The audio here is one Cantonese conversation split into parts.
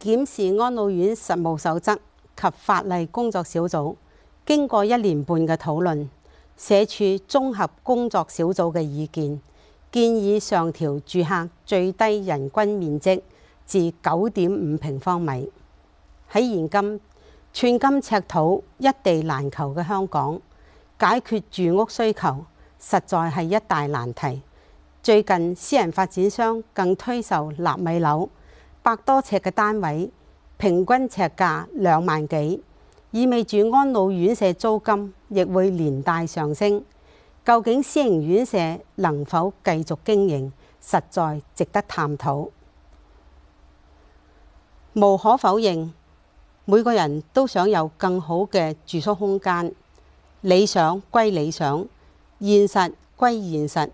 檢視安老院實務守則及法例工作小組經過一年半嘅討論，社署綜合工作小組嘅意見建議上調住客最低人均面積至九點五平方米。喺現今寸金尺土一地難求嘅香港，解決住屋需求實在係一大難題。最近私人發展商更推售納米樓。百多尺嘅單位，平均尺價兩萬幾，意味住安老院舍租金亦會連帶上升。究竟私營院舍能否繼續經營，實在值得探討。無可否認，每個人都想有更好嘅住宿空間。理想歸理想，現實歸現實。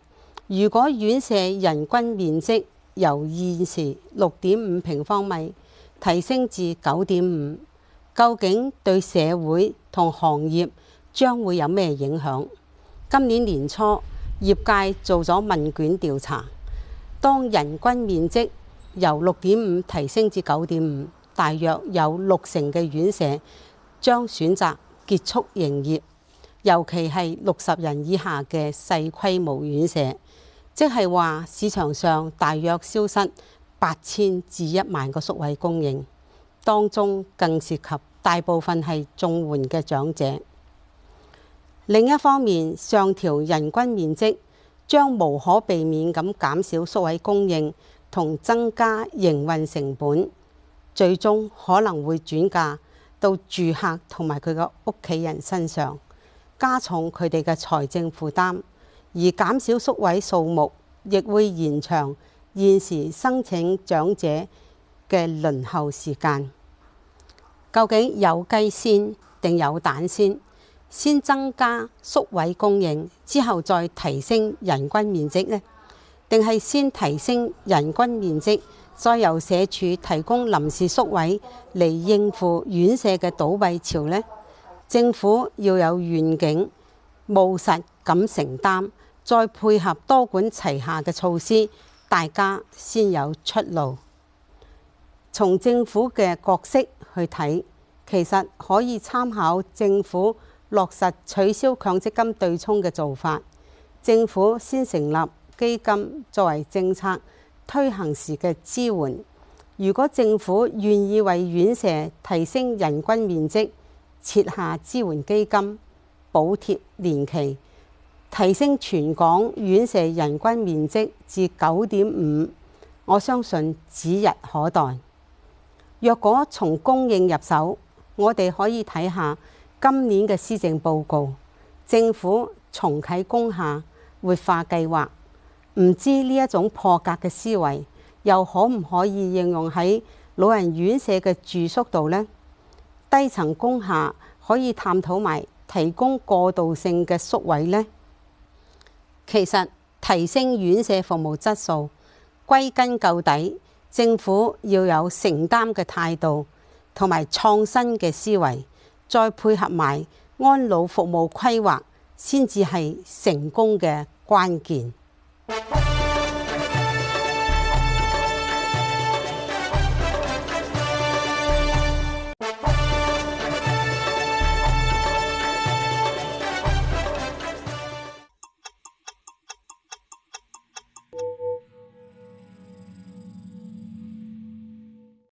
如果院舍人均面積，由現時六點五平方米提升至九點五，究竟對社會同行業將會有咩影響？今年年初業界做咗問卷調查，當人均面積由六點五提升至九點五，大約有六成嘅院舍將選擇結束營業，尤其係六十人以下嘅細規模院舍。即係話，市場上大約消失八千至一萬個宿位供應，當中更涉及大部分係綜援嘅長者。另一方面，上調人均面積將無可避免咁減少宿位供應同增加營運成本，最終可能會轉嫁到住客同埋佢嘅屋企人身上，加重佢哋嘅財政負擔。而減少宿位數目，亦會延長現時申請長者嘅輪候時間。究竟有雞先定有蛋先？先增加宿位供應之後再提升人均面積呢？定係先提升人均面積，再由社署提供臨時宿位嚟應付院舍嘅倒閉潮呢？政府要有願景、務實、敢承擔。再配合多管齊下嘅措施，大家先有出路。從政府嘅角色去睇，其實可以參考政府落實取消強積金對沖嘅做法。政府先成立基金作為政策推行時嘅支援。如果政府願意為院舍提升人均面積，設下支援基金補貼年期。提升全港院舍人均面積至九點五，我相信指日可待。若果從供應入手，我哋可以睇下今年嘅施政報告，政府重啟工廈活化計劃，唔知呢一種破格嘅思維又可唔可以應用喺老人院舍嘅住宿度呢？低層工廈可以探討埋提供過渡性嘅宿位呢。其實，提升院舍服務質素，歸根究底，政府要有承擔嘅態度，同埋創新嘅思維，再配合埋安老服務規劃，先至係成功嘅關鍵。